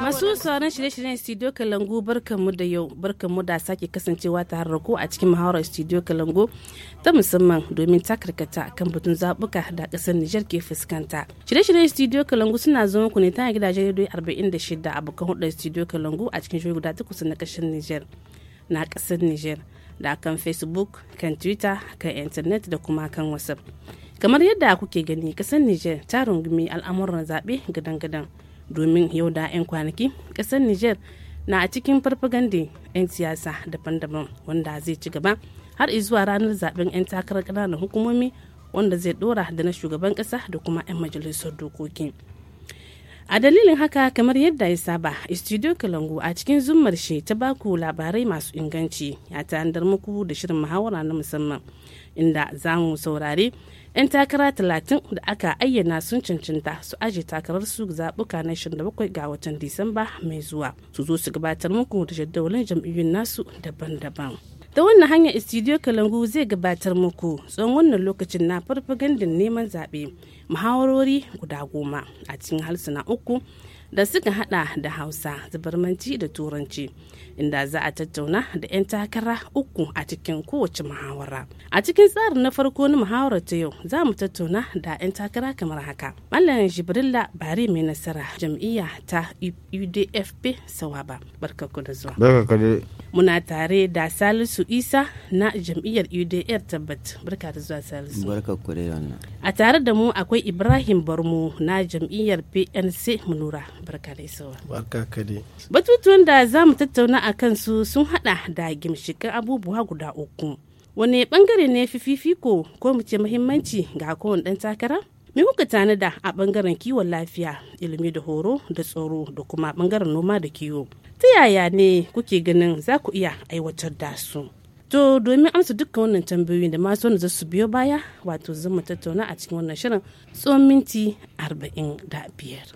Masu sauran shirye-shiryen Studio Kalangu barkanmu da yau barkanmu da sake kasancewa ta harrako a cikin muhawarar Studio Kalangu ta musamman domin takarkata kan batun zabuka da kasar Nijar ke fuskanta. Shirye-shiryen Studio Kalangu suna zama ku ne ta gidajen da 46 abokan hudar Studio Kalangu a cikin shirye guda takwas na kasar Nijar. Na kasar Nijar da kan Facebook, kan Twitter, kan Internet da kuma kan WhatsApp. Kamar yadda kuke gani kasar Nijar ta rungumi al'amuran zaɓe gadan-gadan. domin yau da 'yan kwanaki ƙasar niger na a cikin farfagande 'yan siyasa daban-daban wanda zai ci gaba har zuwa ranar zaben 'yan takarar ƙananan hukumomi wanda zai dora da na shugaban ƙasa da kuma 'yan majalisar dokoki a dalilin haka kamar yadda ya saba studio kalangu a cikin zummar shi ta baku labarai masu inganci ya ta muku da shirin muhawara na musamman inda za mu saurare 'yan takara talatin da aka ayyana sun cancanta su aje takarar su zaɓuka na 27 ga watan disamba mai zuwa su zo su gabatar muku da jadawalin jam'iyyun nasu daban-daban da wannan hanyar studio kalangu zai gabatar muku tsawon wannan lokacin na farfagandin neman zaɓe muhawarori guda goma a cikin harsuna uku da suka hada da hausa zubarmanci da turanci inda za a tattauna da 'yan takara uku a cikin kowace muhawara a cikin tsarin na farko na muhawara ta yau za mu tattauna da 'yan takara kamar haka malam jibrilla bari mai nasara jam'iyya ta udfp sawaba barkaku da zuwa muna tare da salisu isa na jam'iyyar udr tabbat barka da zuwa salisu a tare da mu akwai ibrahim barmo na jam'iyyar pnc munura barka da isowa barka batutuwan da za mu tattauna a kansu sun hada da gimshikan abubuwa guda uku wani bangare ne fifiko ko mu ce muhimmanci ga kowane dan takara me kuka tanada a bangaren kiwon lafiya ilimi da horo da tsaro da kuma bangaren noma da kiwo ta yaya ne kuke ganin za ku iya aiwatar da su to domin amsa dukkan wannan tambayoyi da masu wani su biyo baya wato zan mu tattauna a cikin wannan shirin tsohon minti arba'in da biyar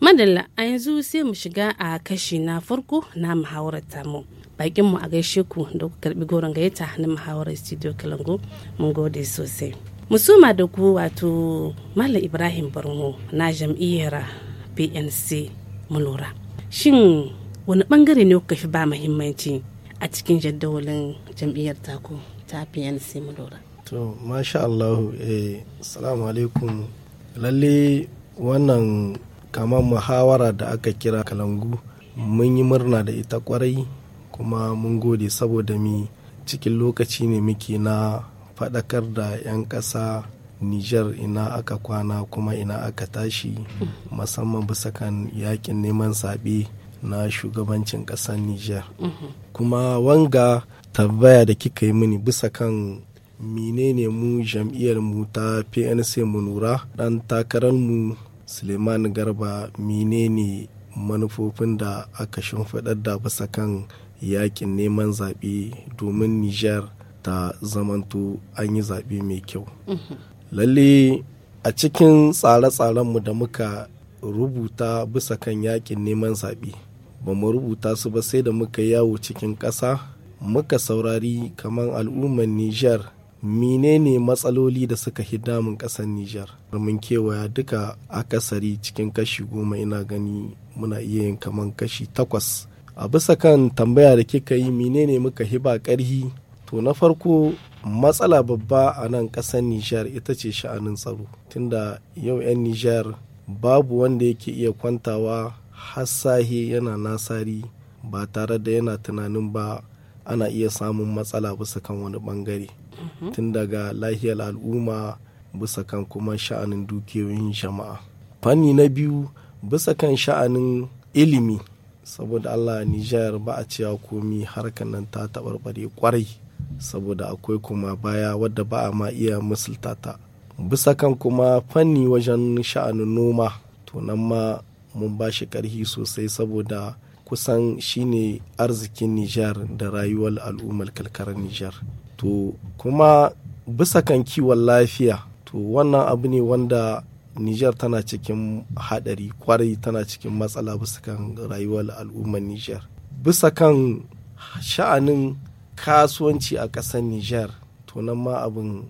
madalla a yanzu sai mu shiga a kashi na farko na muhawarar tamu bakin mu a gaishe ku da ku karbi goron gayyata na muhawarar studio kalango mun gode sosai musuma da ku wato malam ibrahim barmo na jam'iyyar pnc mulura shin wani bangare ne kuka fi ba muhimmanci a cikin jadawalin jam'iyyar taku ta pnc mulura to masha allahu eh salamu alaikum lalle wannan kamar muhawara da aka kira kalangu mun yi murna da ita kwarai kuma mun gode saboda mi cikin lokaci ne muke na faɗakar da 'yan ƙasa Nijar ina aka kwana kuma ina aka tashi musamman bisa kan yakin neman saɓe na shugabancin ƙasar Nijar. Mhm. Kuma wanga tabbaya da kika yi mini bisa kan menene mu jam'iyyar mu ta PNC mu nura ɗan takarar mu Suleiman Garba menene manufofin da aka shimfiɗar da bisa kan yakin neman zaɓe domin Nijar ta zamanto an yi zaɓe mai kyau. Lalle a cikin tsare-tsarenmu da muka rubuta bisa kan yakin neman zaɓe, ba mu rubuta su ba sai da muka yawo cikin ƙasa muka saurari kamar al'ummar Nijar menene matsaloli da suka hi damun ƙasar Nijar. Mun kewaya duka akasari cikin kashi goma ina gani muna iya yin kamar kashi takwas a bisa kan tambaya da kika yi menene muka hiba karhi to na farko matsala babba a nan ƙasan nijar ita ce sha'anin tsaro tunda yau 'yan nijar babu wanda yake iya kwantawa hassahe yana nasari ba tare da yana tunanin ba ana iya samun matsala bisa kan wani bangare mhm. tun daga lahiyar al'umma bisa kan kuma sha'anin dukiyoyin jama'a fanni na biyu bisa kan sha'anin ilimi saboda allah nijar ba a cewa komi harkar nan ta taɓarɓare kwarai saboda akwai kuma baya wadda ba a ma iya misulta ta bisa kan kuma fanni wajen sha'anin noma to nan ma mun ba shi ƙarfi sosai saboda kusan shine arzikin nijar da rayuwar al'ummar karkarar nijar to kuma bisa kan kiwon lafiya to wannan abu ne wanda Nijar tana cikin haɗari kwarai tana cikin matsala bisa kan rayuwar al'ummar Nijar. Bisa kan sha'anin kasuwanci a ƙasar Nijar, to nan ma abin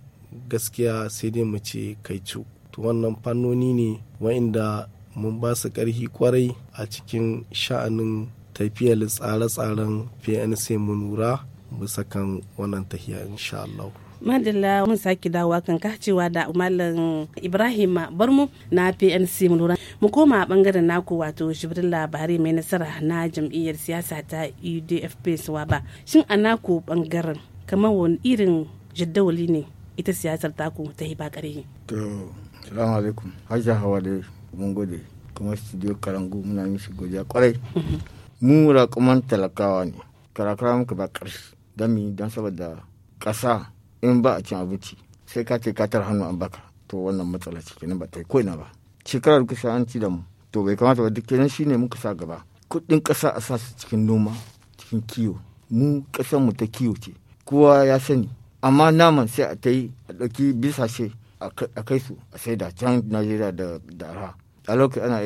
gaskiya sai dai mu ce kai to wannan fannoni ne wa'inda mun ba su ƙarfi kwarai a cikin sha'anin tafiyar tsare-tsaren PNC mu nura bisa kan wannan tahiya insha Allah. madalla mun sake dawowa kan kacewa da malam ibrahim barmu na pnc mu lura mu koma a bangaren naku wato jibril labari mai nasara na jam'iyyar siyasa ta udfp ba shin a naku bangaren kamar wani irin jaddawali ne ita siyasar taku ta yi bakare ne. to salamu alaikum hajja hawa da mun gode kuma studio karangu muna mishi godiya kwarai mhm. mu raƙuman talakawa ne karakara muka ba karshe don mi don saboda kasa in ba a cin abinci sai ka ce ka tar hannu an baka to wannan matsala ce kenan ba ta yi koina ba shekarar kusa an ci da mu to bai kamata ba duk kenan shine muka sa gaba kuɗin kasa a sa su cikin noma cikin kiwo mu ƙasar mu ta kiwo ce kowa ya sani amma naman sai a ta yi a ɗauki ce a kai su a sai da can najeriya da arha a lokacin ana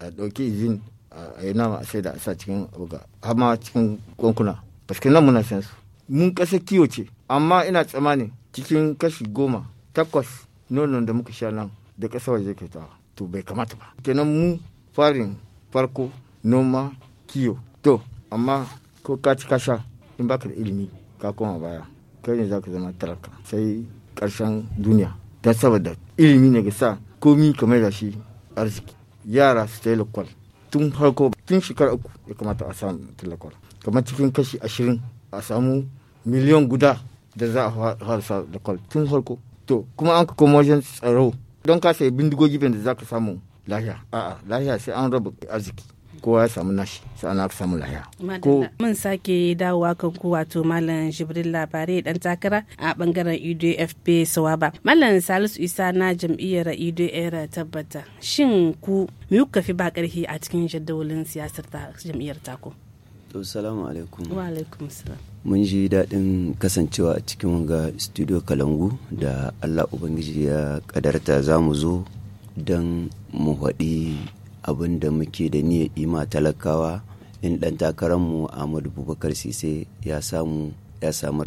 a ɗauki izin a yi nama a sai da a sa cikin abuga har ma cikin kwankuna paske nan muna san su mun kasa kiwo ce amma ina tsammani cikin kashi goma takwas nonon da muka sha nan da ƙasa waje ke ta to bai kamata ba kenan mu farin farko noma kiyo to amma ko ka ci kasha in baka da ilimi ka koma baya kai ne zaka zama talaka sai ƙarshen duniya ta saboda ilimi ne ga sa komi kamar da shi arziki yara su tayi lakwal tun farko tun shekara uku ya kamata a samu lakwal kamar cikin kashi ashirin a samu miliyan guda da za a harsa da kwal tun farko to kuma an ka wajen tsaro don ka sai bindigogi da za ka samu lahiya a'a lahiya sai an raba arziki kowa ya samu nashi sai ana samu lahiya ko mun sake dawowa kan ku wato malam jibril labarai dan takara a bangaren idfp sawaba malam salisu isa na jam'iyyar idfp tabbata shin ku me kuka fi ba karfi a cikin jaddawalin siyasar ta jam'iyyar ta ku to assalamu alaikum wa alaikum assalam mun ji daɗin kasancewa a cikin wanga studio kalangu da allah ubangiji ya kadarta za mu zo don mu haɗi abin da muke da niyyar ima talakawa in ɗan takararmu ahmadu bubakar sise ya samu ya samu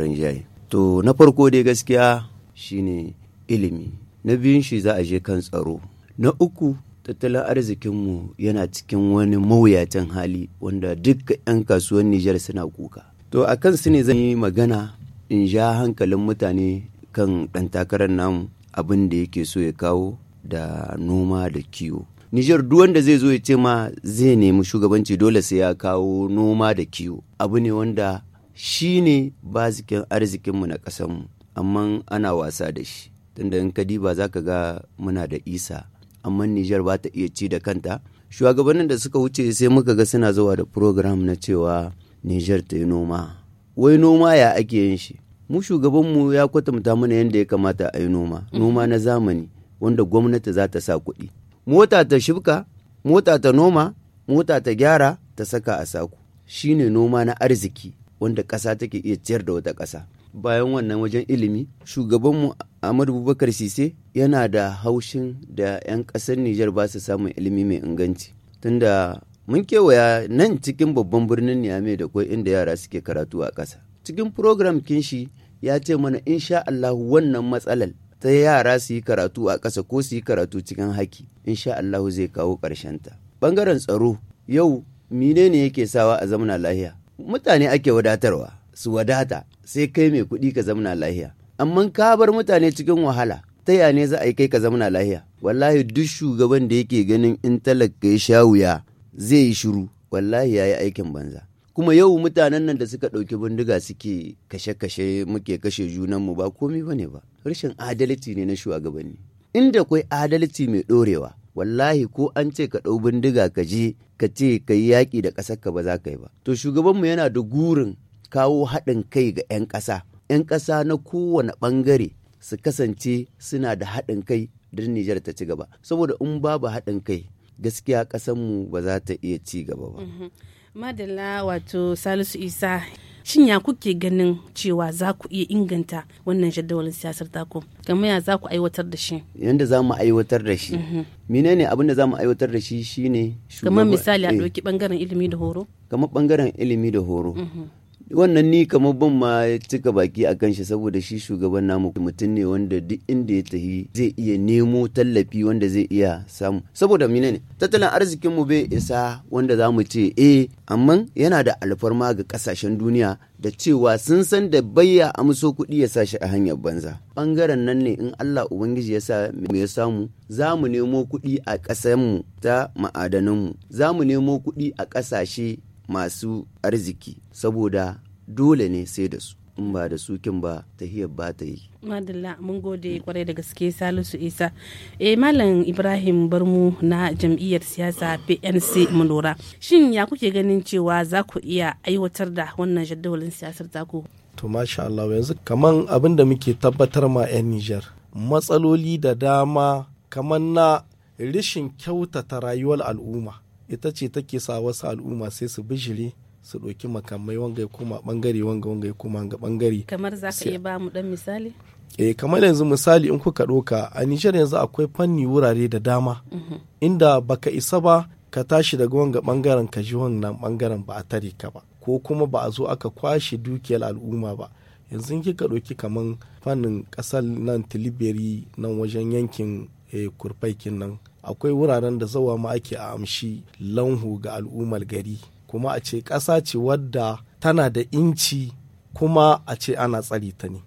to na farko dai gaskiya shine ilimi na biyun shi za a je kan tsaro na uku tattalin arzikinmu yana cikin wani mawuyacin hali wanda duk 'yan kasuwan nijar suna kuka to a kan su ne zan yi magana in ja hankalin mutane kan ɗan takarar namu abin da yake so ya kawo da noma da kiwo Nijar duk wanda zai zo ya ce ma zai nemi shugabanci dole sai ya kawo noma da kiwo abu ne wanda shi ne bazikin arzikinmu na ƙasanmu amma ana wasa da shi tunda in ka diba za ka ga muna da isa amma Nijar ba ta iya ci da kanta shugabannin da suka wuce sai muka ga suna zuwa da program na cewa Nijar ta yi noma. Wai noma ya ake yin shi? Mu shugabanmu ya kwatanta mana yadda ya kamata a yi noma, mm-hmm. noma na zamani wanda gwamnati za ta sa kuɗi. Mota ta shibka, mota ta noma, mota ta gyara, ta saka a saku. Shi ne noma na arziki wanda ƙasa take iya ciyar da wata ƙasa. Bayan wannan wajen ilimi, shugabanmu Ahmadu Bubakar Sise yana da haushin da 'yan ƙasar Nijar ba su samun ilimi mai inganci. Tunda mun kewaya nan cikin babban birnin Niamey da kwai inda yara suke karatu a ƙasa. Cikin program kinshi ya ce mana insha Allah wannan matsalar ta yara su yi karatu a ƙasa ko su yi karatu cikin haki insha Allah zai kawo ƙarshen ta. Bangaren tsaro yau menene yake sawa a zamana lahiya? Mutane ake wadatarwa su wadata sai kai mai kuɗi ka zamana lahiya. Amma ka bar mutane cikin wahala ta ya ne za a yi kai ka zamana lahiya? Wallahi duk shugaban da yake ganin in talaka ya sha wuya zai yi shiru wallahi ya yi aikin banza kuma yau mutanen nan da suka ɗauki bindiga suke kashe-kashe muke kashe junanmu ba komi ba ne ba rashin adalci ne na shugabanni inda kwai adalci mai ɗorewa wallahi ko an ce ka ɗau bindiga ka je ka ce ka yi yaƙi da ƙasar ka ba za ka yi ba to shugabanmu yana da gurin kawo haɗin kai ga 'yan ƙasa 'yan ƙasa na kowane ɓangare su kasance suna da haɗin kai don Nijar ta ci gaba saboda in babu haɗin kai gaskiya ƙasanmu ba za ta iya ci gaba ba. Mhm. Madalla wato Salisu Isa shin ya kuke ganin cewa za ku iya inganta wannan jadawalin siyasar taku kamar ya za ku aiwatar da shi yadda za mu aiwatar da shi mhm. menene abin da za mu aiwatar da shi shine kamar misali a eh. ɗauki ɓangaren ilimi da horo kamar ɓangaren ilimi da horo mhm. wannan ni kamar ban ma cika baki a kan shi saboda shi shugaban namu mutum ne wanda duk inda ya tafi zai iya nemo tallafi wanda zai iya samu saboda mine ne tattalin arzikin mu bai isa wanda za mu ce eh amma yana da alfarma ga kasashen duniya da cewa sun san da bayya amso kuɗi ya sa shi a hanyar banza bangaren nan ne in Allah ubangiji ya sa mu ya samu za mu nemo kuɗi a ƙasanmu. ta ma'adananmu za mu nemo kuɗi a ƙasashe masu arziki saboda dole ne sai da su in ba da sukin ba ta hiyar ba ta yi. Madalla mun gode kwarai da gaske Salisu Isa. E Malam Ibrahim Barmu na jam'iyyar siyasa PNC Mulora. Shin ya kuke ganin cewa za ku iya aiwatar da wannan jadawalin siyasar taku? To masha Allah yanzu kaman abin da muke tabbatar ma 'yan Nijar. Matsaloli da dama kaman na rishin kyautata rayuwar al'umma. ita ce take sa wasu al'umma sai su bijire su ɗauki makamai wanga ya koma ɓangare wanga wanga ya koma ga ɓangare. Kamar za ka iya ba mu ɗan misali? Eh kamar yanzu misali in kuka ɗauka a Nijar yanzu akwai fanni wurare da dama mhm. inda baka isa ba ka tashi daga wanga ɓangaren ka ji wannan ɓangaren ba a tare ka ba ko kuma ba a zo aka kwashe dukiyar al'umma ba. Yanzu in kika ɗauki kamar fannin ƙasar nan Tilibiri nan wajen yankin eh, kurfaikin nan akwai wuraren da zawa ma ake amshi lanhu ga al'ummar gari kuma a ce ƙasa ce wadda tana da inci kuma a ce ana tsari ta ne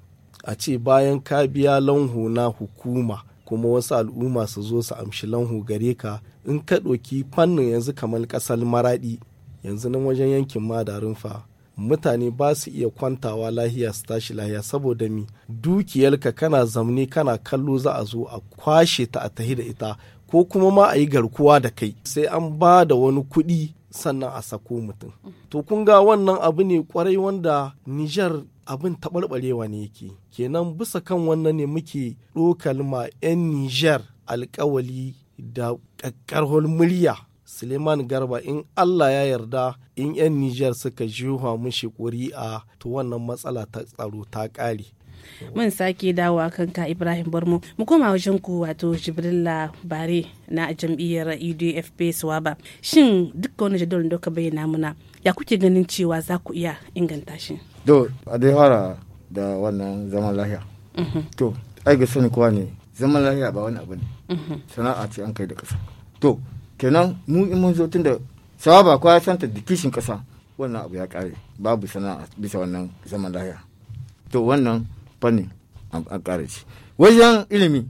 a ce bayan ka biya lanhu na hukuma kuma wasu al'umma su zo su amshi lanhu gare ka in ka ɗoki fannin yanzu kamar ƙasar maraɗi yanzu nan wajen yankin madarin fa mutane ba su iya kwantawa lahiya su tashi lahiya saboda mi dukiyarka kana zamne kana kallo za a zo a kwashe ta a tahi da ita ko kuma ma a yi garkuwa da kai sai an ba da wani kuɗi sannan a sako mutum. To kun ga wannan abu ne kwarai wanda Nijar abin taɓarɓarewa ne yake. Kenan bisa kan wannan ne muke ɗokal ma 'yan Nijar alkawali da ƙaƙƙarhol murya. Suleiman Garba in Allah ya yarda in 'yan Nijar suka jiwa mushi ƙuri'a to wannan matsala ta tsaro ta ƙare. mun sake dawowa kanka ibrahim barmo mu koma wajen ku wato jibrilla bare na jam'iyyar udfp e swaba shin dukkan wani jadawalin da ka bayyana muna ya kuke ganin cewa za ku iya inganta shi to a dai fara da wannan zaman lahiya mhm. to ai ga sani kowa ne zaman lahiya ba wani abu ne mhm. sana'a ce an kai da kasa to kenan mu in mun zo tun da sawaba ko ya santa da kishin kasa wannan abu ya kare babu sana'a bisa wannan zaman lahiya to wannan fanni a ƙara wajen ilimi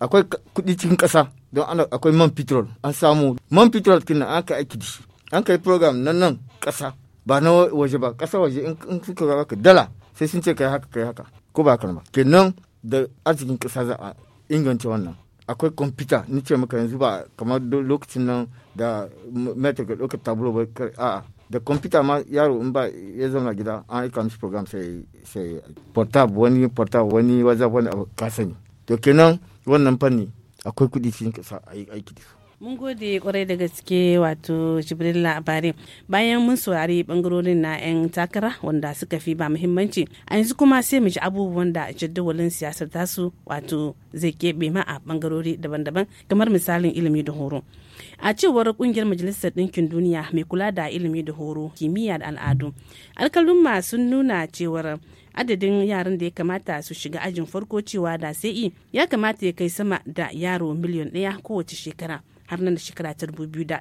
akwai kuɗi cikin ƙasa don ana akwai man petrol an samu man petrol kina an ka aiki dishi an kai program nan nan ƙasa ba na waje ba ƙasa waje in suka ga ka dala sai sun ce kai haka kai haka ko ba kan ba kenan da arzikin ƙasa za a inganta wannan akwai kwamfuta ni ce maka yanzu ba kamar lokacin nan da metro ka ɗaukar tabulo ba a da kwamfuta ma yaro in ba ya zauna gida an aika mishi program sai sai portab wani portab wani waza wani abu ka sani to kenan wannan fanni akwai kuɗi cikin kasa a yi aiki da su mun gode kwarai da gaske wato jibril labari bayan mun saurari bangarorin na 'yan takara wanda suka fi ba muhimmanci a yanzu kuma sai mu ji abubuwan da jadawalin siyasar tasu wato zai keɓe ma a bangarori daban-daban kamar misalin ilimi da horo a cewar kungiyar majalisar ɗinkin duniya mai kula da ilimi da horo kimiyya da al'adu alkalumma sun nuna cewar adadin yaran da ya kamata su shiga ajin farko cewa da sai ya kamata ya kai sama da yaro miliyan ɗaya kowace shekara har nan da shekara ta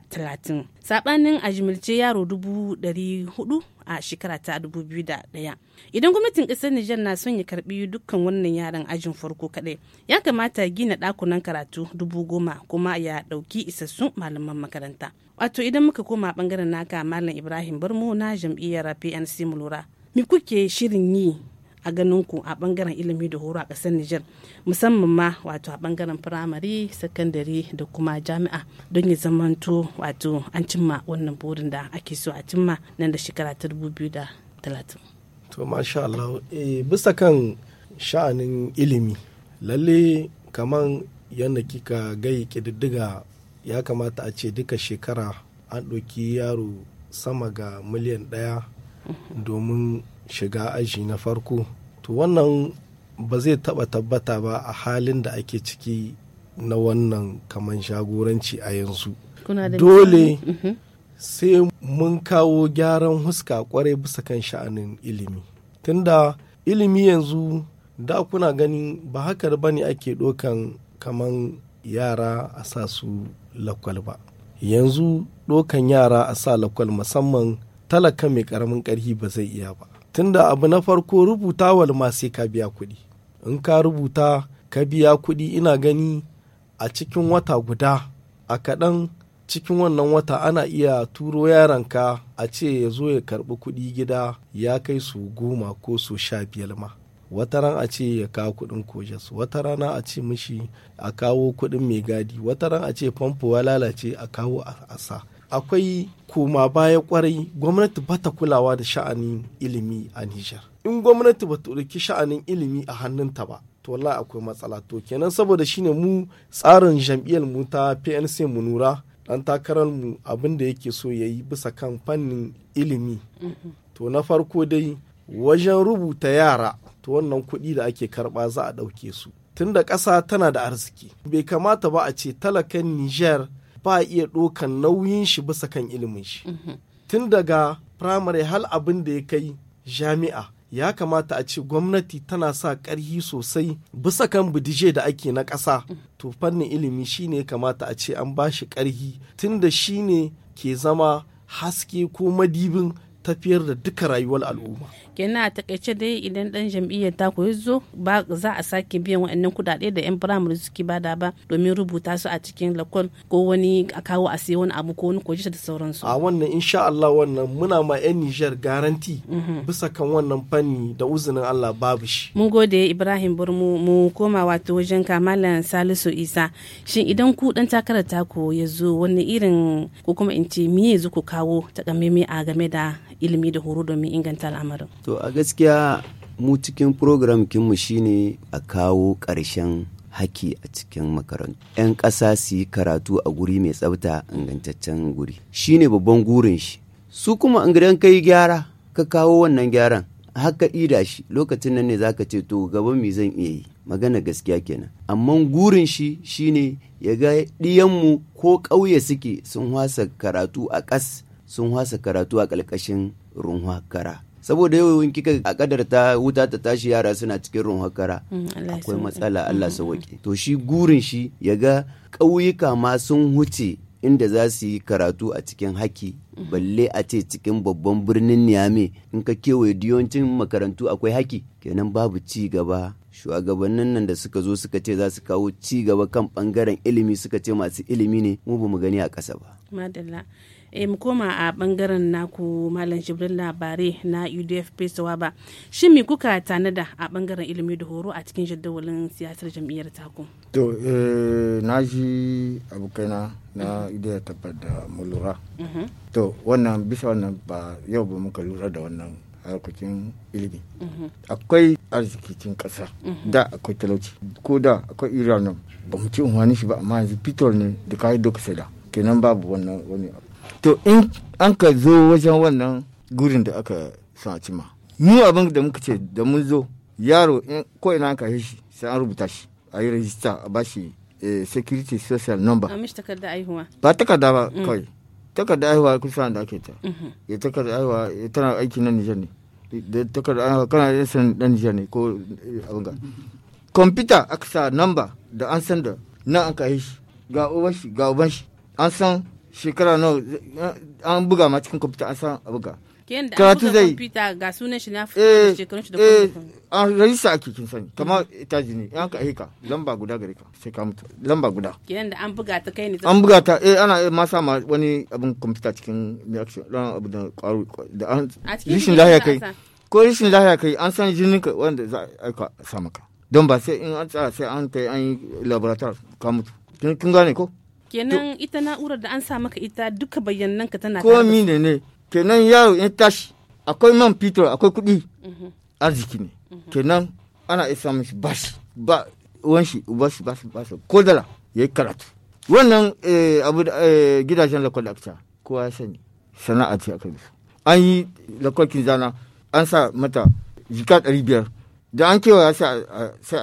talatin sabanin a jimilce yaro dubu dari hudu a shekara ta dubu biyu da ɗaya idan gwamnatin ƙasar Nijar na son ya karbi dukkan wannan yaran ajin farko kaɗai ya kamata gina ɗakunan karatu dubu goma kuma ya ɗauki isassun malaman makaranta wato idan muka koma bangaren naka malam ibrahim barmo na jam'iyyar pnc mulura me kuke shirin yi a ganin ku a bangaren ilimi da horo a ƙasar Nijar musamman ma wato a bangaren firamare sakandare da kuma jami'a don ya zamanto wato an cimma wannan burin da ake so a cimma nan da shekara ta 2030. To masha Allah eh, bisa kan sha'anin ilimi lalle kaman yadda kika gai kididdiga ya kamata a ce duka shekara an ɗauki yaro sama ga miliyan ɗaya mhm. domin shiga aji na farko to wannan ba zai taɓa tabbata ba a halin da ake ciki na wannan kaman shagoranci a yanzu dole mhm. sai mun kawo gyaran huska kwarai bisa kan sha'anin ilimi tunda ilimi yanzu da kuna gani ba haka ba ne ake dokan kaman yara a sa su lakwal ba yanzu ɗaukan yara a sa lakwal musamman talaka mai ƙaramin karhi ba zai iya ba tunda abu na farko rubutawal ma sai ka biya kuɗi in ka rubuta ka biya kuɗi ina gani a cikin wata guda a kaɗan cikin wannan wata ana iya turo yaranka a ce ya zo ya karɓi kuɗi gida ya kai su goma ko su sha biyar ma wata ran a ce ya kawo kuɗin kojas wata rana a ce mishi a kawo kuɗin mai gadi wata ran a ce famfo ya lalace a kawo a sa akwai koma baya kwarai gwamnati bata kulawa da sha'anin ilimi a Nijar. In gwamnati ba ta ɗauki sha'anin ilimi a hannunta ba, to wallahi akwai matsala to kenan saboda shine mu tsarin jam'iyyar mu ta PNC mu nura. dan takarar mu abin da yake so yayi bisa kan fannin ilimi. To na farko dai wajen rubuta yara to wannan kuɗi da ake karba za a ɗauke su. Tunda ƙasa tana da arziki. Bai kamata ba a ce talakan Nijar ba iya ɗokan nauyin shi bisa kan ilimin shi mhm. tun daga firamare hal abin da ya kai jami'a ya kamata a ce gwamnati tana sa ƙarhi sosai bisa kan bidije da ake na ƙasa mhm. to fannin ilimi shi shine kamata a ce an ba shi ƙarhi shi ne ke zama haske ko madibin tafiyar da duka rayuwar al'umma. kenan a takaice dai idan dan jam'iyyar ta koyi zo ba za a sake biyan waɗannan kudade da yan firamare suke bada ba domin rubuta su a cikin lakon ko wani a kawo a sai wani abu ko wani koji da sauransu. a wannan insha Allah wannan muna ma yan Nijar garanti mhm. bisa kan wannan fanni da uzinin Allah babu shi. mun gode Ibrahim Burmu mu koma wato wajen kamalan Salisu Isa shin idan ku dan takarar ta ya zo wani irin ko kuma in ce miye zuku kawo takamaimai a game da ilimi da horo domin inganta al'amarin to a gaskiya mu cikin program kinmu shine a kawo ƙarshen haki a cikin makarantu 'yan ƙasa su yi karatu a guri mai tsafta ingantaccen guri shi ne babban gurin shi su kuma gidan ka yi gyara ka kawo wannan gyaran haka ida shi lokacin nan ne zaka ce to gaban me zan iya yi magana gaskiya kenan amma gurin shi shine ya ga ɗiyanmu ko ƙauye suke sun wasa karatu a ƙas sun hasa karatu a ƙarƙashin runwa kara saboda yau in kika a kadar ta wuta ta tashi yara suna cikin runwa kara mm, akwai matsala Allah mm. sauke to shi gurin shi ya ga ƙauyuka ma sun huce inda za su yi karatu a cikin haki mm-hmm. balle a ce cikin babban birnin niyame in ka kewaye diyoncin makarantu akwai haki kenan babu ci gaba shugabannin nan da suka zo suka ce za su kawo ci gaba kan bangaren ilimi suka ce masu ilimi ne mu ba mu gani a ƙasa ba e mu koma a bangaren naku malam jibril labarai na udf pesawa ba shin me kuka tanada a bangaren ilimi da horo a cikin jadawalin siyasar jam'iyyar taku to eh, na ji abokaina na idaya tabbar da mu lura mhm. to wannan bisa wannan ba yau ba muka lura da wannan harkokin ilimi mhm. akwai arzikin kasa mhm. da akwai talauci ko da akwai iranon ba mu ci unwani shi ba amma yanzu peter ne da kayi doka da kenan babu wannan wani to in an ka zo wajen wannan gurin da aka sa cima mu abin da muka ce da mun zo yaro ko ina an kashe shi sai an rubuta shi a yi rajista a shi eh, security social number a mishi takarda aihuwa ba takarda ba mm. kawai takarda aihuwa kusa da ake ta mm-hmm. ya takarda aihuwa tana aiki na nijar ne da takarda aihuwa kana yin san dan nijar ne ko eh, abin ga kwamfuta aka sa number da an san da na an kashe shi ga uban shi ga uban shi an san shekara nawa an buga ma cikin kwamfuta an san a buga karatu zai kwamfuta ga sunan shi na fito eh, shekarun shi da kwamfuta eh, an rajista ake kin sani kamar mm-hmm. itaji ne an ka aika lamba guda gare ka sai ka mutu lamba guda kenan da an buga ta kai ne an buga ta eh ana ma sa ma wani abin kwamfuta cikin reaction action ran abu da kwaro da an rishin lahiya kai ko rishin lahiya kai an san jinin ka wanda za a aika sa maka don ba sai in an tsara sai an kai an yi laboratoire ka mutu kin gane ko kenan ita na'urar da an sa maka ita duka bayanan ka tana komi ne ne kenan yaro in tashi akwai man fitar akwai kuɗi mhm. arziki ne mhm. kenan ana isa mishi bas ba uwan shi bas bas bashi ko dala yayi karatu wannan eh, abu eh, gidajen lakwal akta kowa ya sani sana'a ce aka bisu an yi lakwalkin zana an sa mata jika ɗari biyar da an ya sai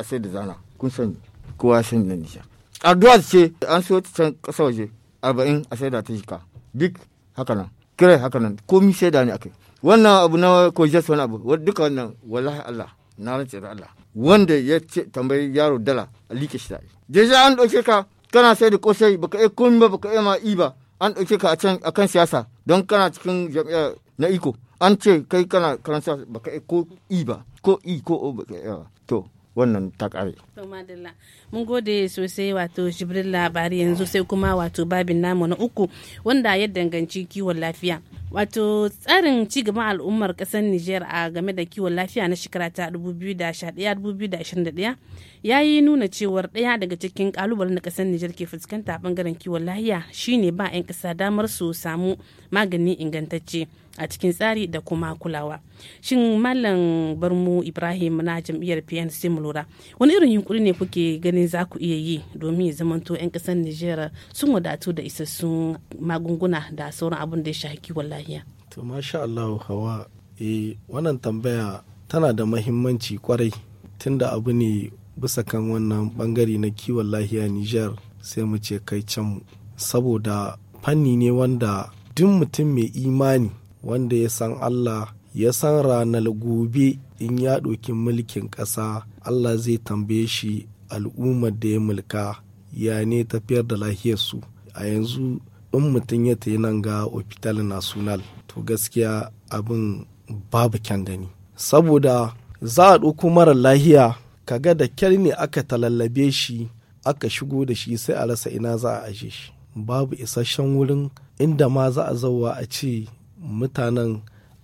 a sai da zana kun sani kowa ya sani na nishar Arduaz ce an so ta can ƙasa waje arba'in a shaida ta shika duk haka nan kira haka nan komi shaida ne ake wannan abu na jas wani abu duka wannan wallahi Allah na rantse da Allah wanda ya ce tambayi yaro dala a liƙe shi da deja an ɗauke ka kana sai da kosai baka iya komi ba baka iya ma ba an ɗauke ka a kan siyasa don kana cikin jam'iyyar na iko an ce kai kana karanta siyasa baka iya ko i ba ko i ko o baka iya to wannan ta kare mun gode sosai wato jibril labari yanzu sai kuma wato babin namu na uku wanda ya danganci kiwon lafiya wato tsarin cigaban al'ummar kasar niger a game da kiwon lafiya na shekara ta 2011-2021 ya yi nuna cewar ɗaya daga cikin kalubalen da ƙasar Nijar ke fuskanta a bangaren kiwon lahiya shine ba 'yan ƙasa damar su samu magani ingantacce a cikin tsari da kuma kulawa. Shin Malam Barmu Ibrahim na jam'iyyar PNC Mulura, wani irin yunkuri ne kuke ganin za ku iya yi domin ya zamanto 'yan ƙasar Nijar sun wadatu da isassun magunguna da sauran abin da ya shafi kiwon lahiya? To masha Allah Hawa, eh wannan tambaya tana da mahimmanci kwarai tunda abu ne bisa kan wannan bangare na kiwon lahiya Nijar sai mu ce kai canmu saboda fanni ne wanda duk mutum mai imani wanda ya san Allah ya san ranar gobe in ya ɗauki mulkin ƙasa Allah zai tambaye shi al'ummar da ya mulka ya ne tafiyar da lahiyarsu a yanzu in mutum ya ta nan ga ofital national to gaskiya abin babu kyan gani saboda za a ɗauko mara lahiya Ka ga da kyar ne aka talallabe shi aka shigo da shi sai a rasa ina za a aje shi babu isasshen wurin inda ma za a zauwa a ce mutanen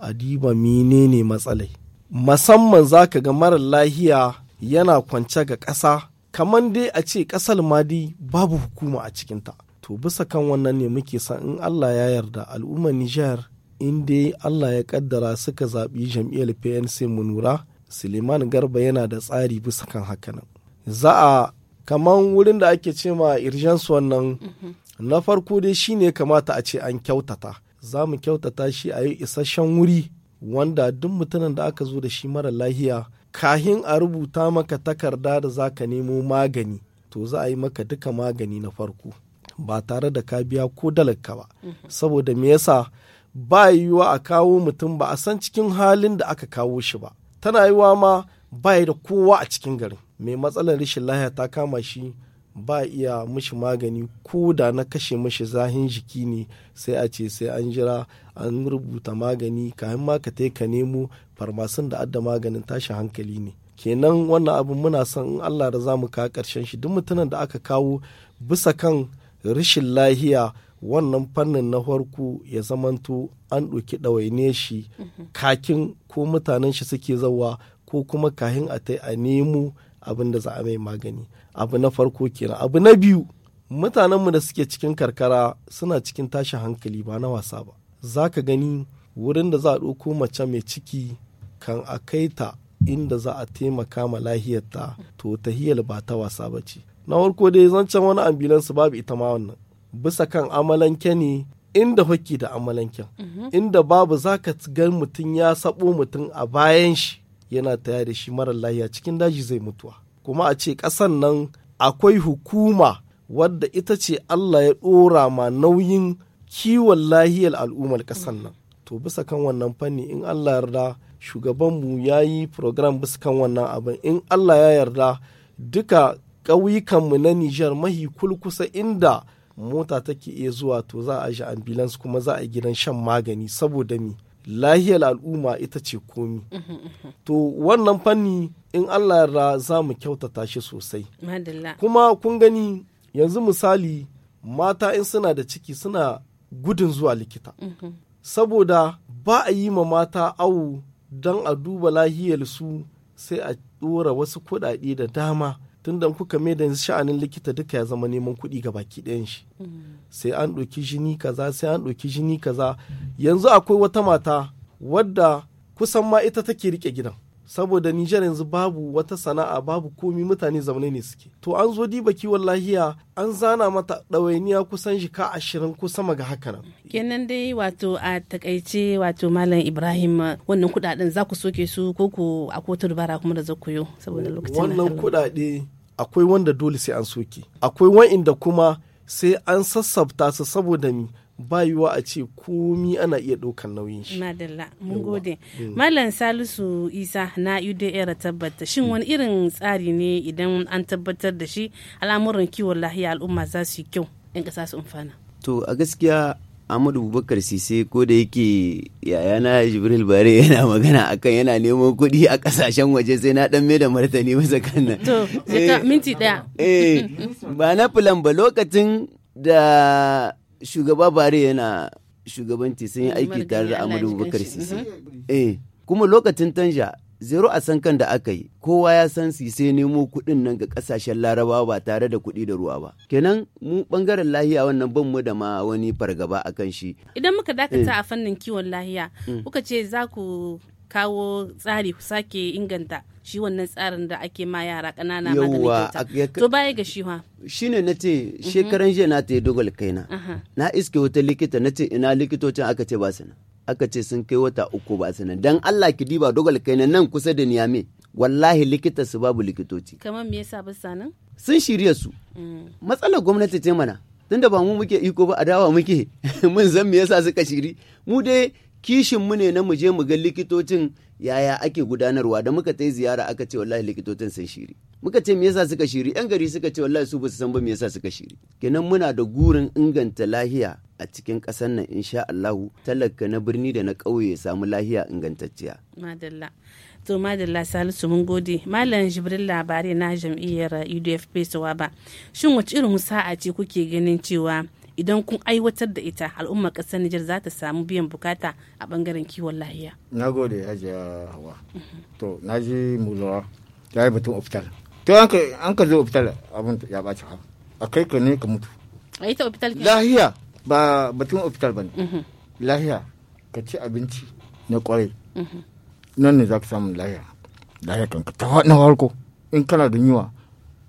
adiba menene matsalai musamman za ka ga mara lahiya yana kwance ga ƙasa kamar dai a ce ƙasar madi babu hukuma a cikinta to bisa kan wannan ne muke san in allah ya yarda al'ummar nijar in dai allah ya kaddara suka zaɓi jam'iyyar pnc nura? suleiman garba yana da tsari bisa kan hakanan za a kaman wurin da ake ce ma irjansu wannan mhm. na farko dai shine kamata a ce an kyautata za mu kyautata shi a yi isasshen wuri wanda duk mutumin da aka zo da shi mara lahiya kahin a rubuta maka takarda da za ka nemo magani to za a yi maka duka magani na farko ba tare da ka biya ko dalaka ba mhm. saboda me yasa ba yiwuwa a kawo mutum ba a san cikin halin da aka kawo shi ba yi wa ma ba da kowa a cikin garin mai matsalar rashin lahiya ta kama shi ba iya mishi magani ko da na kashe mishi zahin jiki ne sai a ce sai an jira an rubuta magani kayan ma ka ka nemo farmasin da adda maganin tashi hankali ne kenan wannan abin muna son in Allah da zamu kawo karshen shi duk mutumin da aka kawo bisa kan rashin lahiya wannan fannin na farko ya zamanto an ɗauki ɗawaine shi mhm. kakin ko mutanen shi suke zawa ko kuma kahin a tai a nemo abin da za a mai magani abu na farko kenan abu na biyu mutanenmu da suke cikin karkara suna cikin tashin hankali ba na wasa ba za ka gani wurin da za a ɗauko mace mai ciki kan a kai ta inda za a taimaka ma lahiyarta to hiyar ba ta wasa ba ce na farko dai zancen wani ambulansu babu ita ma wannan bisa kan amalanke ne inda hoki da amalanken mhm. inda babu za ka ga mutum ya sabo mutum a bayan shi yana taya da shi mara lahiya cikin daji zai mutuwa kuma a ce ƙasan nan akwai hukuma wadda ita ce Allah ya ɗora ma nauyin kiwon lahiyar al'ummar ƙasan nan to bisa kan wannan fanni in Allah yarda shugabanmu ya yi program bisa kan wannan abin in Allah ya yarda duka ƙauyukanmu na Nijar mahi kulkusa inda mota take iya zuwa to za a shi ambulance kuma za a gidan shan magani saboda mi lahiyar al'umma ita ce komi to wannan fanni in allah yarda za mu kyautata shi sosai kuma kun gani yanzu misali mata in suna da ciki suna gudun zuwa likita mhm. saboda ba a yi ma mata awu don a duba lahiyar su sai a ɗora wasu kuɗaɗe da dama tunda kuka mai da sha'anin likita duka ya zama neman kuɗi ga baki ɗayan shi sai an ɗauki jini kaza sai an ɗauki jini kaza yanzu akwai wata mata wadda kusan ma ita take rike gidan saboda Nijar yanzu babu wata sana'a babu komi mutane zaune ne suke to an zo diba kiwon lahiya an zana mata ɗawainiya kusan shika ashirin ko sama ga haka nan kenan dai wato a takaice wato malam ibrahim wannan kudaden za ku soke su ko ku a kotu dubara kuma da za saboda lokacin wannan kudade akwai wanda dole sai an soke akwai wa'inda kuma sai an sassabta su saboda mi bayuwa a ce komi ana iya ɗaukan nauyin shi. Madalla, mun gode. Mm. Malam Salisu Isa na UDR tabbata shin mm. wani irin tsari ne idan an tabbatar da shi al'amuran kiwon lahiya al'umma za su yi kyau 'yan ƙasa su amfana. To a gaskiya Ahmadu Bubakar Sise ko da yake yaya na Jibril Bare yana magana akan yana neman kuɗi a kasashen waje sai na dan da martani masa kan nan. To, eh, minti ɗaya. Eh, ba na filan ba lokacin da shugaba Bare yana shugabanci sun yi aiki tare da Ahmadu Bubakar Sise. Mhm. Eh, kuma lokacin Tanja zero a san kan da aka yi kowa ya san su sai nemo kuɗin nan ga ƙasashen laraba ba tare da kuɗi da ruwa ba kenan mu ɓangaren lahiya wannan ban mu da ma wani fargaba akan shi idan muka dakata eh. a fannin kiwon lahiya mm. kuka ce za ku kawo tsari ku sake inganta shi wannan tsarin da ake ma yara ƙanana maganin kyauta to baya ga shi ha shine na ce shekaran jiya na ta yi dogal kaina na iske wata likita na ce ina likitocin aka ce ba su nan aka ce sun kai wata uku ba su nan dan Allah ki diba dogal kaina nan kusa da niyame wallahi likita su babu likitoci kamar me yasa ba nan sun shirya su mm. matsalar gwamnati ce mana tunda ba mu muke iko ba a dawa muke mun san me yasa suka shiri mu dai kishin mu ne na mu je mu ga likitocin yaya ake gudanarwa da muka ta ziyara aka ce wallahi likitocin sun shiri muka ce me yasa suka shiri yan gari suka ce wallahi su basu san ba me yasa suka shiri kenan muna da gurin inganta lahiya a cikin ƙasar nan insha Allahu talaka na birni da na ƙauye ya samu lahiya ingantacciya madalla to madalla salisu mun gode malam jibril labarai na jam'iyyar UDF Pesawa ba shin wace irin sa'a ce kuke ganin cewa idan kun aiwatar da ita al'ummar ƙasar Nijar za ta samu biyan bukata a bangaren kiwon lahiya. Na gode Hajiya Hawa. To na ji mulawa ya yi batun ofital. To an ka zo ofital abin ya ɓaci ha. A kai ka ne ka mutu. A yi ta ofital ke? Lahiya ba batun ofital ba ne. Mhm. Lahiya ka ci abinci na kwarai. Mhm. Nan ne za ka samu lahiya. Lahiya kan ka ta na farko in kana da yunwa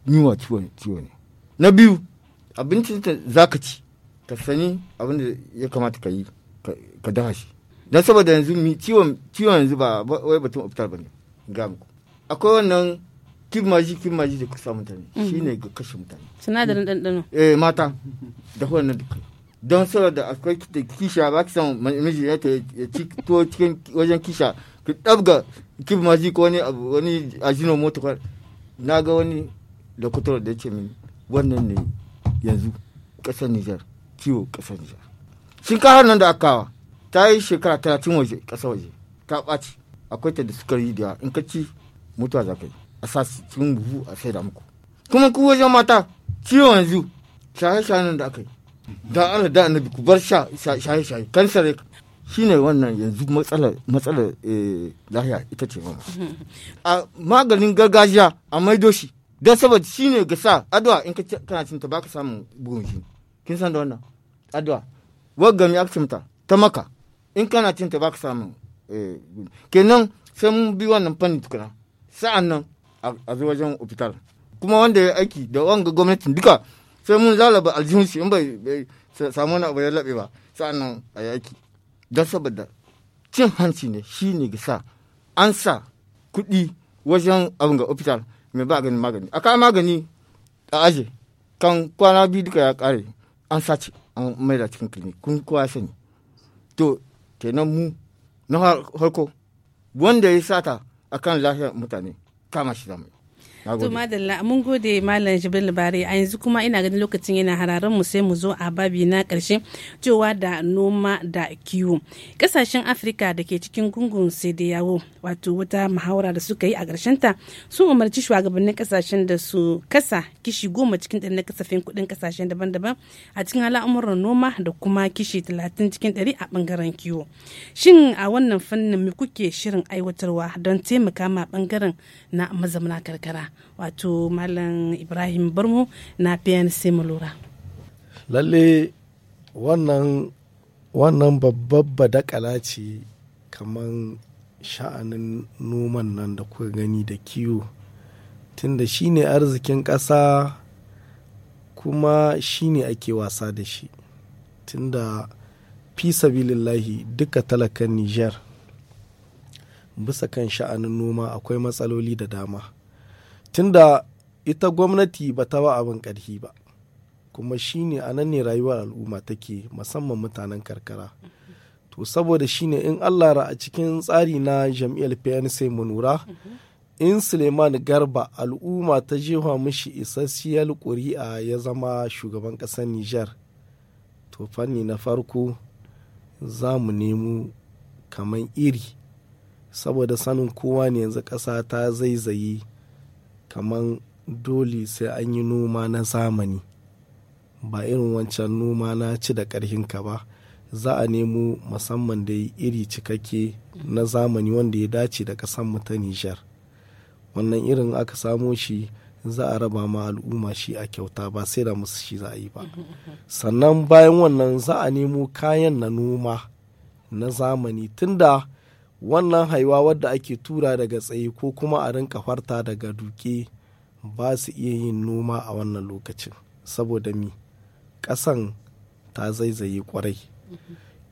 yunwa ciwo ne. Na biyu abincin za ka ci ka sani abin da ya kamata ka yi ka dafa shi don saboda yanzu ciwon ciwon yanzu ba wai batun optar ba ne ga muku akwai wannan maji kimaji maji da kusa mutane mm. shi ne ga kashe mutane sinadarin ɗanɗano eh mata da wannan duka don saboda akwai da kisha ba ki san miji ya ta ya ci to cikin wajen kisha ki ɗabga maji ko wani abu wani ajino mota na ga wani da kutura da ya ce mini wannan ne yanzu ƙasar Nijar kiwo ƙasar Nijar. Shinkafar nan da aka kawa ta yi shekara talatin waje kasa waje ta ɓaci akwai ta da suka yi da in ka ci mutuwa za ka yi a sa cikin buhu a saida muku. Kuma ku wajen mata ciwo yanzu shaye shaye nan da aka yi. Da Allah da annabi ku bar sha shaye-shaye shi ne wannan yanzu matsalar eh, lahiya ita ce wannan a maganin gargajiya a maido shi don saboda shi ne ga sa addu'a in kana cin ta baka samun bugun shi kin san da wannan addu'a wagga mi akcimta ta maka in kana cinta ba ka samu eh, kenan sai mun bi wannan fanni tukuna sa'an nan a zo wajen hospital kuma wanda ya aiki da wanga gwamnatin duka sai mun lalaba aljihun in bai samu wani abu ya labe ba sa'an nan a yi aiki don saboda cin hanci ne shi ne gisa sa an sa kuɗi wajen abin ga hospital mai ba gani magani a magani a aje kan kwana biyu duka ya kare an sace an maida cikin clinic kun kowa sani to kenan mu na harko wanda ya sata akan lafiyar mutane kama shi zamu to madalla mun gode malam jibril bare a yanzu kuma ina ganin lokacin yana hararen mu sai mu zo a babi na karshe cewa da noma da kiwo kasashen afirka da ke cikin gungun sai da yawo wato wata muhawara da suka yi a karshen ta sun umarci shugabannin kasashen da su kasa kishi goma cikin ɗari na kasafin kuɗin kasashen daban-daban a cikin al'amuran noma da kuma kishi talatin cikin ɗari a ɓangaren kiwo shin a wannan fannin me kuke shirin aiwatarwa don taimaka ma ɓangaren na mazauna karkara wato malam ibrahim barmo na pnc malura lalle wannan wannan babbar badakala ce kamar sha'anin noman nan da kuka gani da kiwo tunda shi ne arzikin ƙasa kuma shi ne ake wasa da shi tunda fi sabilillahi duka talakan niger bisa kan sha'anin noma akwai matsaloli da dama tunda ita gwamnati ba ta ba abin ƙarfi ba kuma shine a nan ne rayuwar al'umma take musamman mutanen karkara to saboda shine in allah a cikin tsari na jam'iyyar pnc mu nura in suleiman garba al'umma ta jefa mishi isasshiyar ƙuri'a ya zama shugaban ƙasar niger to fanni na farko za mu nemo kamar iri saboda sanin kowa ne yanzu ƙasa ta zaizaye kamar dole sai an yi noma na zamani ba irin wancan noma na ci da ƙarhinka ba za a nemo musamman da iri cikakke na zamani wanda ya dace da mu ta nijar wannan irin aka samo shi za a raba ma al'umma shi a kyauta ba sai da musu shi za a yi ba sannan bayan wannan za a nemo kayan na noma na zamani tunda wannan haiwa wadda ake tura daga tsaye ko kuma a rinka farta daga duke ba su iya yin noma a wannan lokacin saboda mi ƙasan ta zaizaye kwarai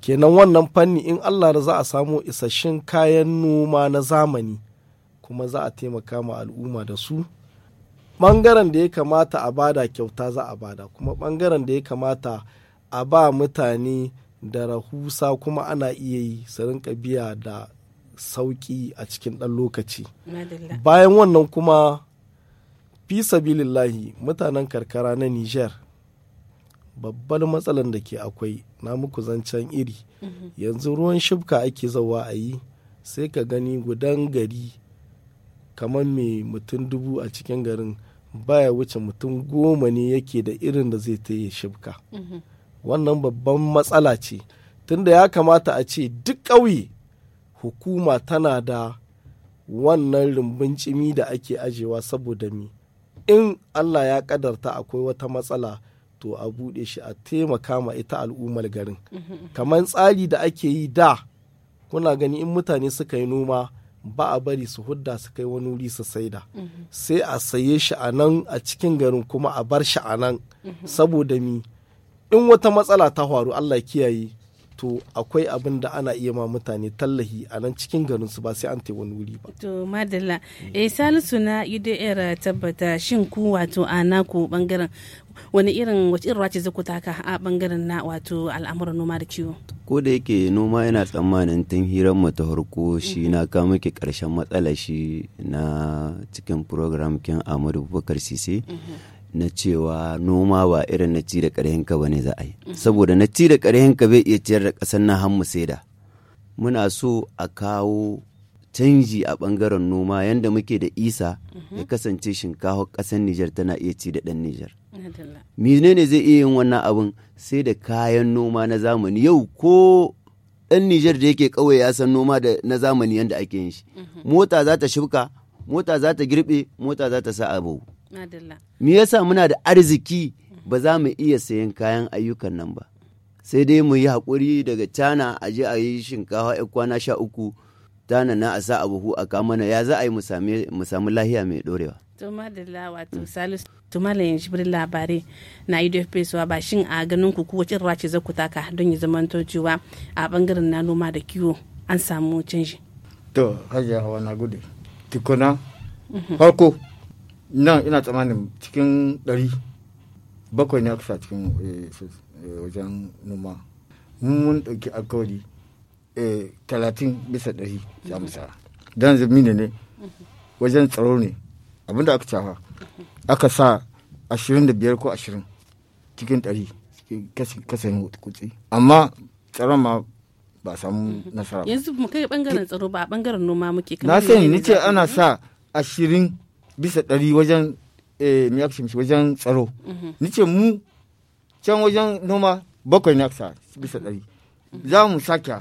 kenan wannan fanni in allah da za a samu isasshen kayan noma na zamani kuma za a taimaka ma al'umma da su ɓangaren da ya kamata a bada kyauta za a bada kuma ɓangaren da ya kamata a ba mutane da rahusa kuma ana iya yi su rinka biya da sauƙi a cikin ɗan lokaci bayan wannan kuma fi sabilillahi mutanen karkara na niger babbar matsalar da ke akwai na muku zancen iri mhm. yanzu ruwan shibka ake zawa a yi sai ka gani gudan gari kamar mai mutum dubu a cikin garin baya wuce mutum goma ne yake da irin da zai ta yi shibka mhm. wannan babban matsala ce tunda ya kamata a ce duk ƙauye hukuma tana da wannan rumbun cimi da ake ajewa saboda mi in allah ya kadarta akwai wata matsala to a buɗe shi a taimaka ma ita al'ummar garin kamar tsari da ake yi da kuna gani in mutane suka yi noma ba a bari su hudda su kai wani wuri su saida sai a saye shi a nan a cikin garin kuma a bar shi a nan saboda mi in wata matsala ta faru allah kiyaye to akwai abin da ana iya ma mutane tallahi a nan cikin garin su ba sai an tai wani wuri ba. To madalla eh salisu na UDR tabbata shin ku wato a naku bangaren wani irin wace irin race zaku taka a bangaren na wato al'amuran noma da ciwo. Ko da yake noma yana tsammanin tun hirar mu ta farko shi mm-hmm. na ka muke karshen matsala shi na cikin program kin amadu Bukar Sise. Mm-hmm. na cewa noma ba irin na ci da ƙarhinka ba ne za a yi saboda na ci da ƙarhinka bai iya ciyar da ƙasar na hannu saida muna so a kawo canji a ɓangaren noma yadda muke da isa mhm. ya kasance shinkafa ƙasar nijar tana iya ci da ɗan nijar ne zai iya yin wannan abun sai da kayan noma na zamani yau ko ɗan nijar da yake kawai ya san noma da na zamani yadda ake yin shi mhm. mota za ta shuka mota za ta girbe mota za ta sa abu Me yasa muna da arziki ba za mu iya sayan kayan ayyukan nan ba. Sai dai mu yi haƙuri daga tana a je a yi shinkawa ya kwana sha uku tana na a sa a buhu a kamana ya za a yi mu samu lahiya mai ɗorewa. Tuma da wato Salisu yanzu birnin labarai na ido fesuwa ba shin a ganin ku wacce rawa ce zaku taka don ya zaman cewa a bangaren na noma da kiwo an samu canji. To, hajiya hawa na gudu. Tikuna, farko nan ina tsammanin cikin ɗari bakwai ne aka sa cikin eh, eh, wajen noma mun ɗauki alkawari eh, talatin bisa ɗari za mu sa don zami ne ne wajen tsaro ne abinda aka cafa aka sa ashirin da biyar ko ashirin cikin ɗari kasan kutse amma tsaron ma ba samu nasara yanzu mu kai bangaren tsaro ba a bangaren noma muke na sani ni ce ana sa ashirin bisa ɗari wajen eh, me ya wajen tsaro mhm. ni ce mu can wajen noma bakwai ne aka bisa ɗari za mu sake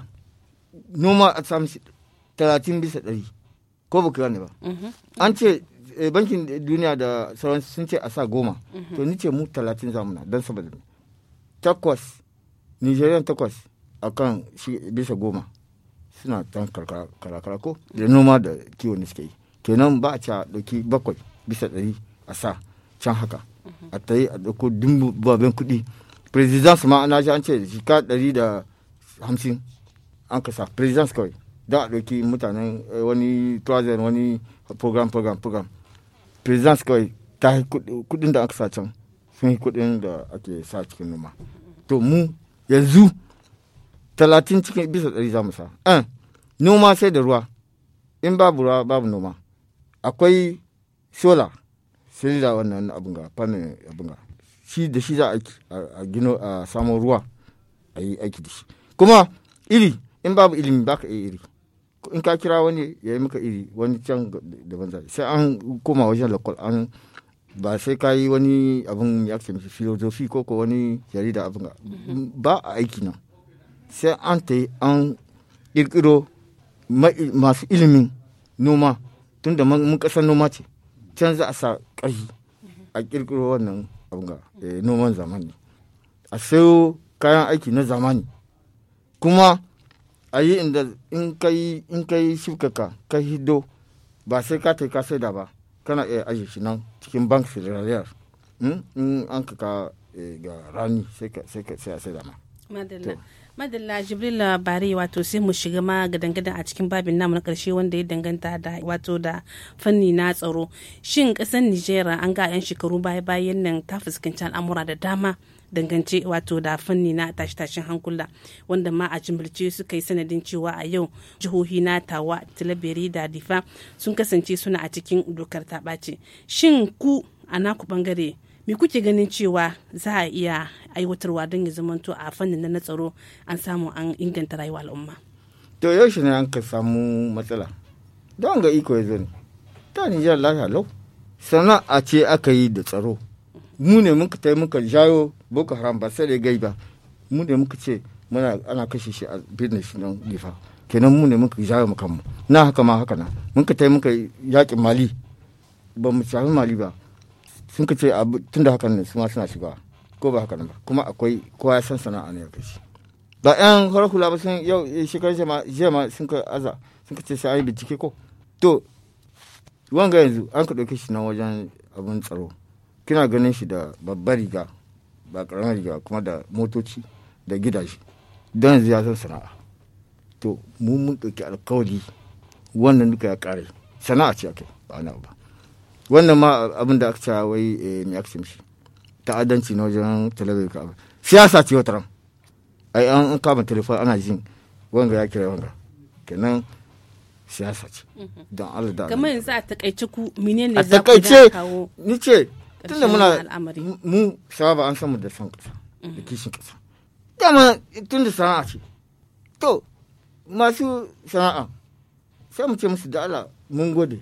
noma a samu talatin bisa ɗari ko ba ne ba mhm. an ce eh, bankin duniya da sauran sun ce a sa goma mhm. to ni ce mu talatin zamuna don saboda takwas nigerian takwas a kan bisa goma suna tan karkara ko da noma da kiwo ne suke yi kenan ba a ci a ɗauki bakwai bisa ɗari a sa can haka a ta yi a ɗauko dumbu baben kuɗi presidence ma ana an ce ka ɗari da hamsin an ka sa presidence kawai da a ɗauki mutanen eh, wani troisième wani program program program presidence kawai ta yi kuɗin da ka sa can sun yi kuɗin da ake sa cikin noma to mu yanzu talatin cikin bisa ɗari za mu sa eh, noma sai da ruwa in babu ruwa babu noma akwai solar sai da wannan abin ga fannin abin ga shi da shi za a gino a samun ruwa a yi aiki da shi kuma iri in babu ilimi ba ka iya iri in ka kira wani ya yi maka iri wani can da banza sai an koma wajen lakol an ba sai ka yi wani abin ya ke mishi filozofi ko ko wani jarida abin mm-hmm. ba a aiki nan sai an ta yi an ƙirƙiro masu ilimin noma tunda mun kasar noma ce can za a sa ƙarfi a ƙirƙiro wannan abin ga eh, noman zamani a sayo kayan aiki na zamani kuma a yi inda in kai in kai shukaka ka hiddo ba sai ka ta ka sai da ba kana iya ajiye shi nan cikin bank federaliyar hmm? in an ka eh, ga rani sai ka sai ka sai da ma madalla jibril bare wato sai mu shiga ma gadan a cikin babin namu na karshe wanda ya danganta da wato da fanni na tsaro shin kasar nigeria an ga 'yan shekaru baya-bayan nan ta fuskanci al'amura da dama dangance wato da fanni na tashe-tashen hankula wanda ma a jimbirce suka yi sanadin cewa a yau jihohi na tawa tilaberi da difa sun kasance suna a cikin dokar ta ɓace shin ku a naku bangare me kuke ganin cewa za a iya aiwatarwa don ya zamanto a fannin na tsaro an samu an inganta rayuwa al'umma to yaushe ne an ka samu matsala don ga iko ya zane ta nijar lafiya lau sana'a ce aka yi da tsaro mu ne muka tai muka jayo boko haram ba sai da gai ba mu ne muka ce muna ana kashe shi a business shi nan gifa kenan mu ne muka jayo mu kanmu na haka ma haka na muka tai muka yakin mali ba mu shafi mali ba sun ka ce tun da hakan ne su ma suna shiga ko ba hakan ba kuma akwai kowa ya san sana'a ne ya kashi ba yan har kula ba sun yau eh, shekaru jama jama sun ka aza sun ka ce sai ai bincike ko to wanga yanzu an ka ɗauke shi na wajen abin tsaro kina ganin shi da babbar riga ba ƙaramar riga kuma da motoci da gidaje don yanzu ya san sana'a to mu mun ɗauki alkawari wannan duka ya kare sana'a ce ake ba na ba wannan ma abin da aka ce wai eh, mai aka ce mishi ta'addanci na wajen talabar ka abu siyasa ce wata ran ai an kama telefon ana jin wanga ya kira wanga kenan siyasa ce mhm. don Allah da kamar yanzu a takaice ku menene ne za ku kawo ni ce tun da muna mu sababa an samu da san kasa da kishin kasa dama da sana'a ce to masu sana'a sai mu ce musu da Allah mun gode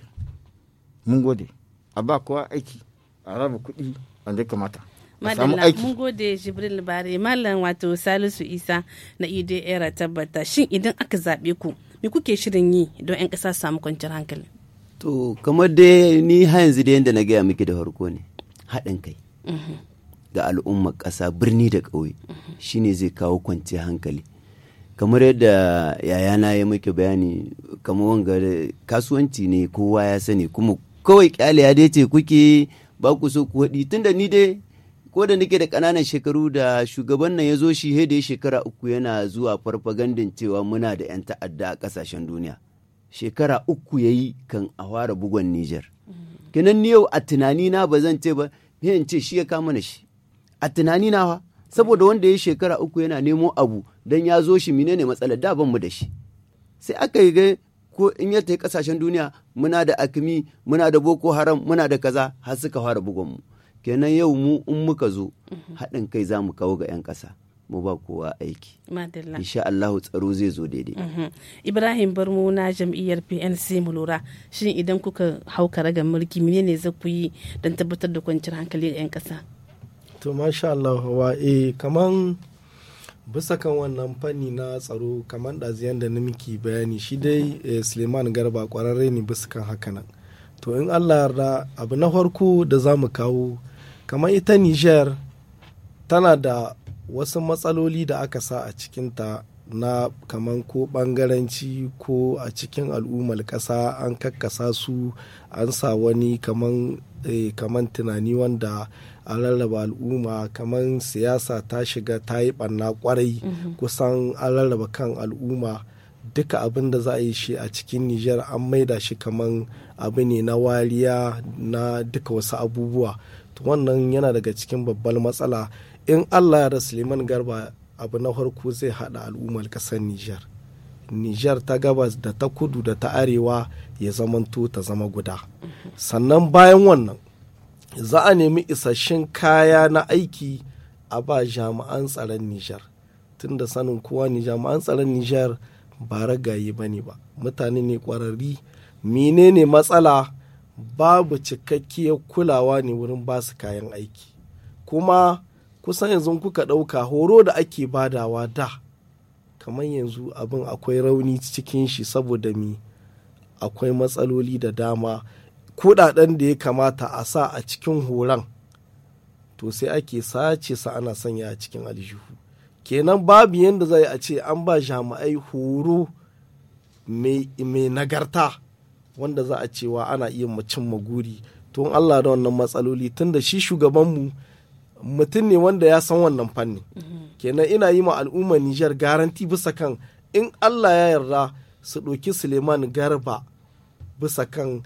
mun gode a ba kowa aiki a raba kuɗi wanda kamata madalla mun gode jibril bare malam wato salisu isa na ido era tabbata shin idan aka zaɓe ku me kuke shirin yi don 'yan ƙasa samu kwanciyar hankali to kamar dai ni ha yanzu da yadda na gaya miki da farko ne haɗin kai da mhm. al'umma ƙasa birni da ƙauye mhm. shine zai kawo kwanciyar hankali kamar yadda yayana ya miki bayani kamar wanga kasuwanci ne kowa ya sani kuma kawai kyale ya dace kuke ba ku so ku haɗi tunda ni dai ko da nake da ƙananan shekaru da shugaban nan ya zo shi he da shekara uku yana zuwa farfagandin cewa muna da 'yan ta'adda a ƙasashen duniya shekara uku ya yi kan a fara bugon Nijar. kenan ni yau a tunani na ba zan ce ba yan ce shi ya kama na shi a tunani na wa saboda wanda ya shekara uku yana nemo abu dan ya zo shi menene matsalar da ban mu da shi sai aka yi ga ko in ya tafi kasashen duniya muna da akmi muna da boko haram muna da kaza har suka fara bugon mu kenan yau mu in muka zo mhm. haɗin kai za mu kawo ga 'yan ƙasa mu ba kowa aiki insha Allahu tsaro zai zo daidai mhm. Ibrahim Barmu na jam'iyyar PNC mu lura shin idan kuka hau karagar mulki menene za ku yi don tabbatar da kwanciyar hankali ga 'yan ƙasa to masha Allah wa eh kaman bisa kan wannan fanni na tsaro kamar ɗaziyan da miki bayani shi dai eh, suleiman garba kwararre ne bisa kan hakanan to in allah yarda abu na farko da za mu kawo kamar ita niger tana da wasu matsaloli da aka sa a cikinta na kamar ko ɓangaranci ko a cikin al'ummar ƙasa an kakkasa su an sa wani kamar eh, tunani wanda a lallaba al'umma kamar siyasa ta shiga ta yi ɓanna kwarai mhm. kusan an lallaba kan al'umma duka abin da za a yi shi a cikin Nijar an maida shi kamar abu ne na wariya na duka wasu abubuwa to wannan yana daga cikin babbar matsala in Allah da Suleiman Garba abu na farko zai haɗa al'ummar ƙasar Nijar Nijar ta gabas da ta kudu da ta arewa ya zamanto ta zama guda mhm. sannan bayan wannan za a nemi isasshen kaya na aiki a ba jami'an tsaron nijar tun da sanin kowa ne jami'an tsaron nijar ba ragaye ba ne ba mutane ne kwararri menene matsala babu cikakkiyar kulawa ne wurin ba su kayan aiki kuma kusan yanzu kuka ɗauka horo da ake badawa da kamar yanzu abin akwai rauni cikin shi saboda mi akwai matsaloli da dama kudaden da ya kamata a sa a cikin horon to sai ake sace sa ana sanya a cikin aljihu kenan babu yadda zai a ce an ba jami'ai horo mai nagarta wanda za a cewa ana iya macin maguri tun allah da wannan matsaloli tun da shi shugabanmu mutum ne wanda ya san wannan fanni mm-hmm. kenan ina yi ma al'ummar nijar garanti bisa kan in allah ya yarda su ɗauki suleiman garba bisa kan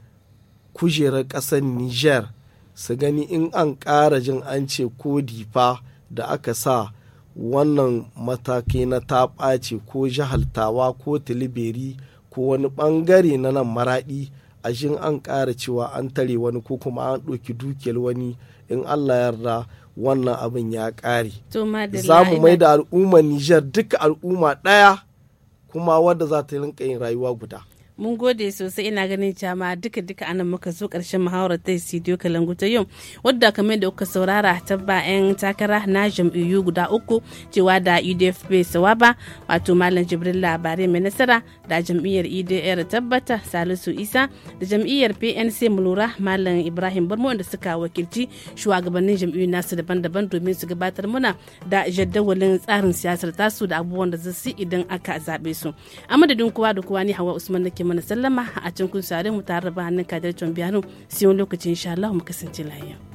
kujerar ƙasar niger su gani in an ƙara jin an ce ko difa da aka sa wannan matakai na ta ɓace ko jahaltawa ko tiliberi ko wani ɓangare na nan maraɗi a jin an ƙara cewa an tare wani ko kuma an ɗauki dukiyar wani in allah yarda wannan abin ya ƙare za mu mai da al'ummar nijar duka al'umma ɗaya kuma wadda za ta rinka yin rayuwa guda mun gode sosai ina ganin cama duka duka anan muka zo karshen muhawarar ta studio kalangu ta yau wadda kamar da kuka saurara ta bayan takara na jam'iyyu guda uku cewa da sawa ba. wato malam jibril labarai mai nasara da jam'iyyar idr e tabbata salisu isa da jam'iyyar pnc mulura malam ibrahim barmo da suka wakilci shugabannin jam'iyyu nasu daban-daban domin su gabatar muna da jadawalin tsarin siyasar tasu da abubuwan da zasu idan aka zaɓe su a madadin kowa da kowa ni hawa usman nake mana sallama a cikin sare mu tare da hannun kadar John sai wani lokaci insha Allah mu kasance lafiya.